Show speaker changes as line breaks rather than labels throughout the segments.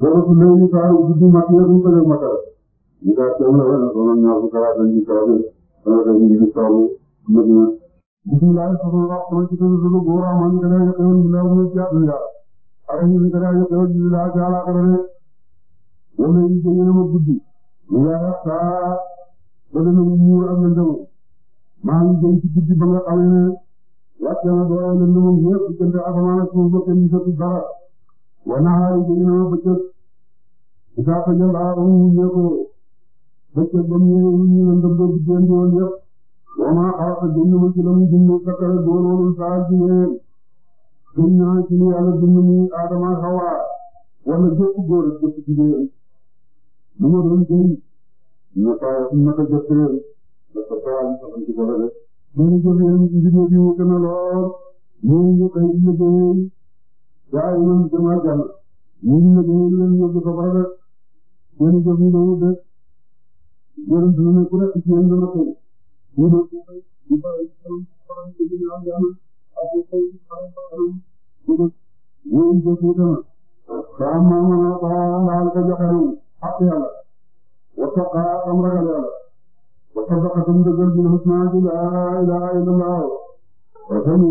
loolu su léegi ñu saa yu jublu matuwaay bu ñu ko def matuwaay ñu daal seen loolu la doon ñaar bu kalaat dañ ci toog wala dañ ñu ci toog mbir mi. bisimilah sama wax sama ci tëdd suñu góor am man gën a yëkkëw ñu la mu ci àdduna ak ñu gën a yëkkëw ñu la ci ala ko rek wala ñu ko ñëna ma guddi ñu la sa ba dañu muur am na ndaw maa ngi jëm ci guddi ba nga xam ne wàcce na doon na mu yëpp ci asamaan ak suuf ba kenn gisatu dara wala ay ci dina ma bëccëg isaa ko jël aa um wuññee ko bëccëg ba mu ñëwee wuññi na ndëb dëb jënd woon yëpp wama xaw a jënd ma ci la mu jënd sakkare góor woonul saa ci ñëwee jënd naa ci ni yàlla jënd ni Adama Hawa wala jëpp góor ak jëpp ci ñëwee lu ma doon jënd na faa naka jëppee da ko taal sax ci ko la def. ñu ngi jëf yéen ci ndigal bi mu gën a lool ñu ngi koy liggéey waaw moom jëm ak jàll ñu ngi nag ñu ngi leen yóbbu safara rek seen i jëf ñu doon wute yéen suñu nekk rek ci yéen dana ko ñu doon ñu bàyyi xel xaram ci ñu am jàll ak ñu xëy xaram xaram ñu doon yéen jëf ñu dana te am naa ma ne ko laal ko joxeeru ak yàlla wa taqa am ragal yàlla wa sadaqa tam dëggal bi la husna la ilaha illa allah wa sallu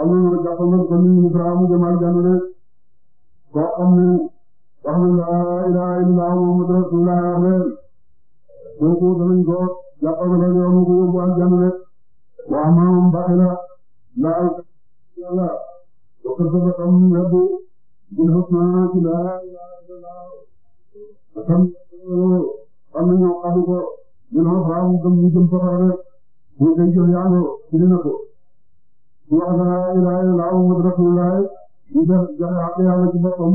Aliou jàppandoo ko ni Ibrahima jëmal jàndale koo xam ne wax na laa ilaaha illallaah Muhammadu rasuulullaah ameen kooku danañ ko jàppandoo ko mu ko yóbbu ak jàndale waa maam baxila laa yàlla wa kasaba xam rabbu laa ilaaha illallaah xam nañu xam ko dina faamu gëm ñu jëm safara rek ñu koy jëf yàlla ci dina ko su wax ne laa ilaaha illallaah Muhammadu rasuulullaah ñu def joxe àq yàlla ci boppam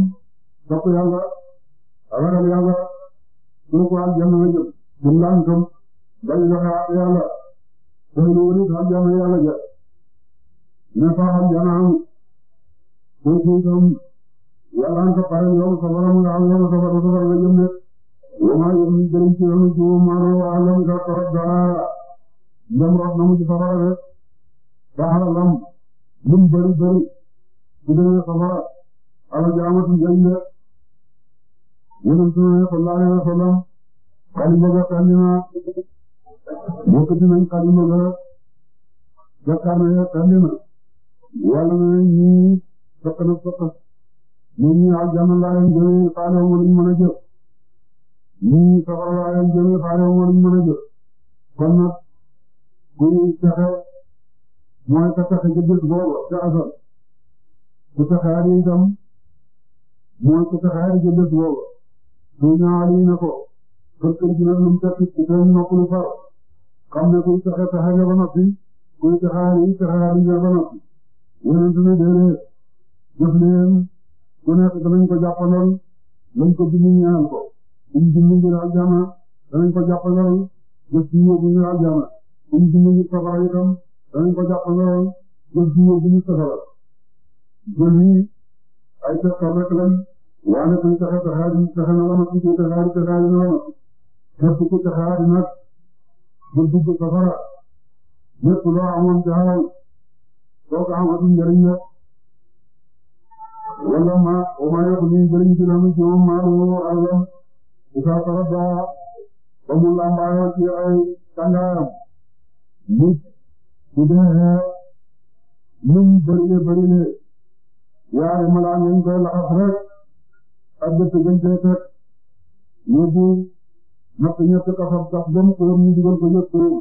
topp yàlla ragal yàlla suñu ko aljanna la jëm suñu daan gëm bañ joxe àq yàlla tey lu wëri daal aljanna yàlla ja mais faa aljanna am suñ suñ tam la jëm lu mu bëri bëri su demee safara alal ji amatul njëriñ la yéen su ma sallallahu alayhi wa sallam xalima ba xandi na yëkkati nañ xalima ba jàkkaar na xandi na wala na ñii soq na soq ñu ñii aljanna laa leen jëlee faale wu ñu mën a jëf ñii safara laa leen jëlee faale wu ñu mën a jëf kon nag kuy fexe mooy ka tax a jënd boobu ca asal ku taxaari itam mooy ku taxaari jënd boobu suy ñaawali na ko parce que dina lu mu tekki ku doon noppalu far xam ne kuy taxa taxaari ba noppi kuy taxaari taxaari nga ba noppi yeneen tamit déedéet jëf leen ku nekk danañ ko jàppaloon lañ ko bind ñaanal ko suñ bind ngir aljana danañ ko jàppaloon jëf ci yóbbu ngir aljana suñ bind ngir safara itam danañ ko jàppandoo jël jiw bu ñu soxla jël yi ay pexe rek lañ waaye suñ pexe pexe yi pexe na la ma tuuti pexe yi pexe yi na la ma képp ku pexe yi nag jël dugg safara lépp loo amoon pexe soo ko amatul njëriñ la wala ma ma yokk nii njëriñ bi mu jiw ma woo àllam ay tàngaayam su dee lum bëri na bëri na waaye malaan ñu koy laxas rek ak dëkk gën cee teg ñu bu natt ñett ka fab sax dem kuréel ñu dugal ko ñett loolu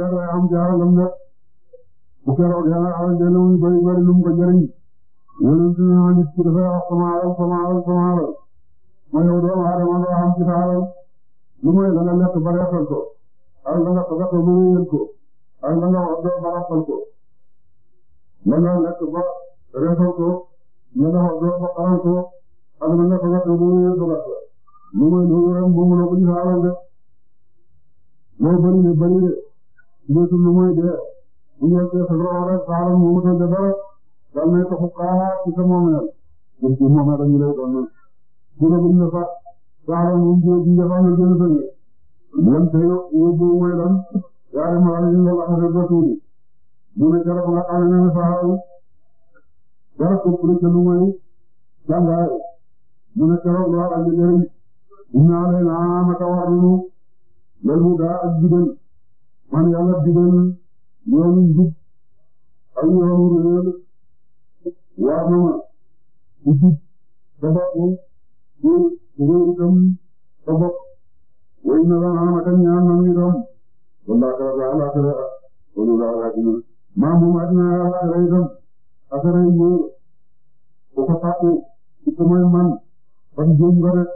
rek lay am jaaralam nag bu keroog yàlla alal jële muy bëri bëri lum ko jëriñ yonent bi ma nit ki dafay wax sama alal sama alal sama alal ma yow doomu aadama loo xam ci sa alal lu mooy la nga lekk ba reesal ko alal la nga ko ak na nga waddoo ba rafal ko na nga lekk ba refal ko na nga waddoo ba xaral ko ak na nga ko waxe lu muy lu ram bu mu la ko ñu xaaral de moo bëri ne bëri de lu muy dee bu ñu yeggee sa lool rek mu mutal de dara dal taxu xaar ci sa moomeel jëm ci moomeel dañu lay doon nag bu la buñ la fa xaaral mu jëm ci njëfam la jëm sa ñu lam sa yóbbu mooy lan waaye mu am ñu wax ne ba tuuti mu ne keroog nga xam ne saxaw dara ko pour que lu muy jàngaay mu ne keroog nga xam ne jëriñ naa leen ah naka war nañu loolu daa ak jubal man yàlla jubal yoonu njub ak yoonu réer war na ma ku jub sa bopp ku réer itam sa bopp way na la ah naka ñaan na muy doon wallaahi wa rahmatulah wallaahi wa rahmatulah. maa moom ak ñaar waay rey itam affaire yi ñu ko ko tàkku ci samay man ba mu jëm nga rek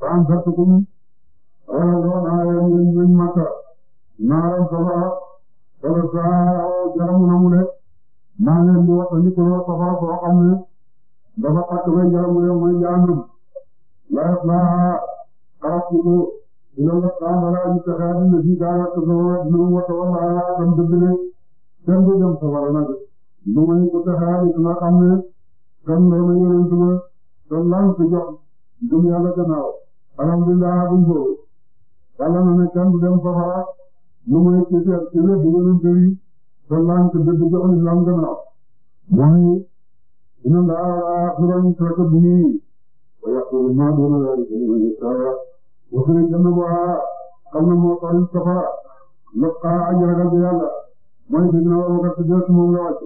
daan gerte gi mu wala lool naa leen leen leen màkk naaram safara wala saa jaramu na mu ne maa leen di wax ni ko safara soo xam ne dafa tàkk bay jaramu ne mooy jaanam laajat laa xalaat إلى الله على المتخاذ الذي دعوت له وتولى على كم دبل كم دم سوارنا نومي كتها إسمع كم كم نومي ينتمى الله سجع الدنيا لكنا الحمد لله بنجو قالنا من كم دم سوارا نومي كتير كتير بيجون تري الله سجع بيجون الإسلام كنا وهي إن الله أخبرني سرك بني ويقول ما دون ذلك من يسار wasanañ dana ko xam ne moo toll safara lépp xanaa aji ragal bi yàlla mooy bi dina war a ko jot moom la wàcc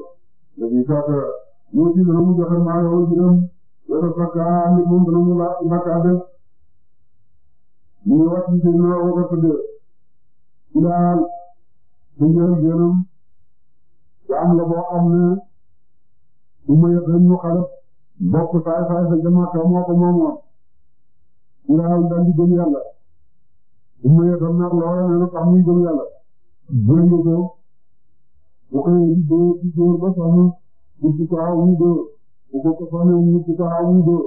léegi sax mu ci dana mu joxe maa yow juróom wala fakka nit moom dana mu la bakka def mu ngi wàcc ci dina war a ko jot ci daal ci njëriñ jënam ya am la boo xam ne bu ma yëg rek ñu xalaf bokk saay saay sa jamaat moo ko moomoon Ibrahima daal di gëm yàlla bu mu ne tam nar loo xam ne sax muy gëm yàlla jënd ko waxee di dóor di dóor ba sax mu mucc ko aw muy dóor bu ko ko soxlee mucc ko aw muy dóor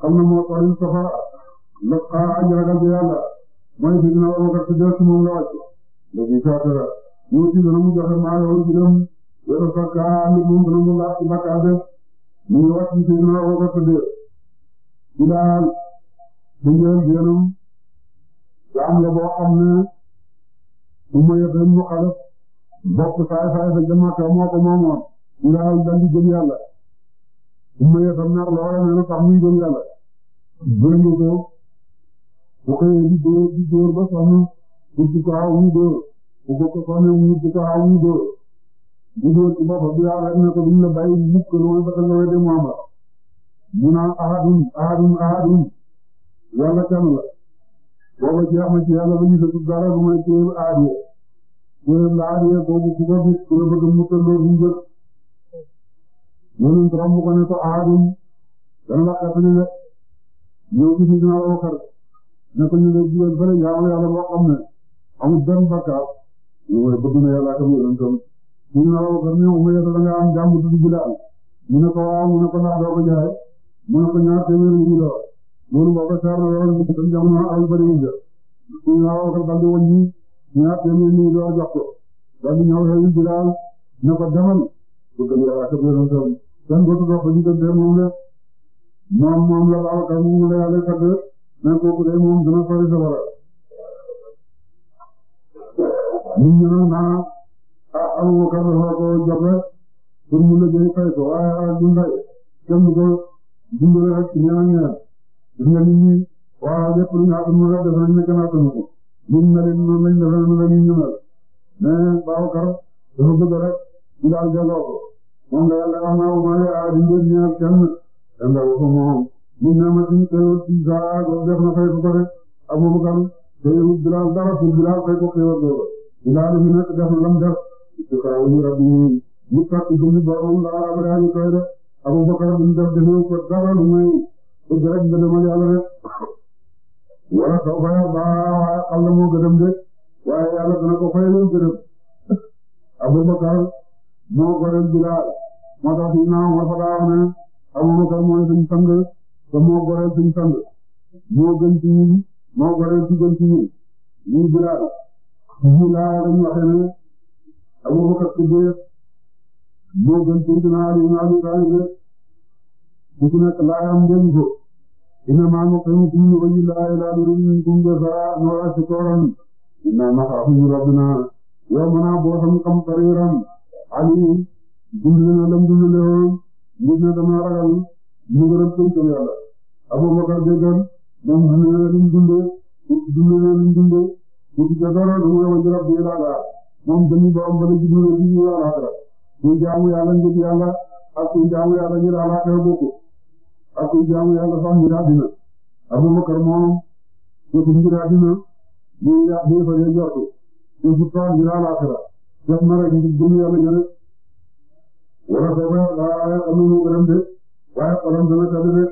xam na moo tax ñu safara ndax xaaral ak ragal bi yàlla mooy fi dina war a gàtt jël ci moom la wàcc léegi saafara la ñu ci dana mu joxe maa yow ci dem yàlla sax kaa nit moom dana mu laaj ci bakkaar def mu ngi wàcc ci dina war a gàtt jël ci daal. dundal jëloon jaam la boo xam ne umma yëpp dañ mu xalaf bokk saay saay sa jamaat moo ko moomoon nga xam daal di gëm yàlla umma yëpp am na loola ne la tax muy gëm yàlla gëm ko bu xëyee di dóor di dóor ba sonn ut ko xaw muy dóor bu ko ko sonn ut ko xaw muy dóor bu dóor ci boppam bi yàlla ne ko duñ la bàyyi mukk lu mooy ba nga wédee mu am la mu naan ahadun ahadun ahadun yàlla kenn la booba jeex na ci yàlla ba ñu def dara bu may téye aadiya téye la aadiya boobu ku ko gis ku la bëgg mu tëlloo bu njëkk yéen tromp ko ne ko aadum dana la xetli rek ñëw ci ñu dina ko xar ko ñu lay jigéen fële jaamu yàlla boo xam ne amul benn bakkaar mooy bëgg na yàlla ak mu yonentam ñu dina ko xar ne mu yàlla da nga am jàmm du dugg mu ne ko mu ne ko ndax doo ko jaay mu ne ko ñaar téeméer yu la loolu boo ko seetlu woon ñu dem jamono ay bëri yu jë ñu ñëwaat ko daal di wëññi ñu ñaar téeméer ñu jox ko daal di ñëw xëy Bilaal ne ko demal bu gën yàlla ak yéen a kenn dootu dox ba ñu dem tey moom la moom moom la baax a taw moom la yàlla fekk mais kooku day moom dina sori safara ñu ñu ne naa ah, ah Abubakar dafa ko joxe pour mu ko waaye ak du fay kenn du li nga nit ñi waaw lépp lu ñu àgg mu def nañ ne gànnaaw gënu ko ñun ñu ne leen noonu lañ def nañ ne ñu ñu mel mais Babacar dafa bëgg rek ñu daal jëndoo ko moom nga yàlla wax naa ko ma ne ah di ngeen ñëw kenn jëndoo ko moom. ñun ñoo ma suñu xéwal ci saa def na fay ko ko rek Aboubacar te Bilal dara pour Bilal fay ko xéwal booba Bilal mi nekk def na lam def ci kaw ñu rab yi ñu fàttali ñu borom daal après ñu koy def Aboubacar ñu def defee ko dara lu may. dëgg rek gëdëmal yàlla rek wala soo ko yor baax xam na moo gëdëm de waaye yàlla dana ko fay lu gëdëm Abubakar moo goreel Bilaal moo tax fi naa war fa daa wax ne Abubakar mooy suñ sang te moo goreel suñ sang moo gën ci ñun moo goreel ci gën ci ñun ñun Bilaal ñu laa dañu waxe ne Abubakar ci biir moo gën ci dinaa di ñaari taalibe ku ci nekk laayam njëriñ ko ina maa mu xëy kum ñu oyi laay laa du rin kum de sara no wàcc tooram ina maxaafu ñu rabbina yow mënaa boo xam xam sariiram ali dundle na lam dundle woon ngir dama ragal ñu gërëm tënkam yàlla abubakar déggal moom dundle na lim dunde dundle na lim dunde ku ji rabbi laaga moom dami borom bala jiblu na ji ñu yàlla jaamu yàlla ngir yàlla ak ku jaamu yàlla ngir alaxira bokku kuy jaamu yàlla sax ngir àddina Abubakar moom te du ngir àddina muy yàq muy fa ngeen jortu te du toog ngir àllaaxira def na rek ngir jëm yàlla gën a wala soo koy waaye xamuñu gërëm de waaye xolam dana tëdd de.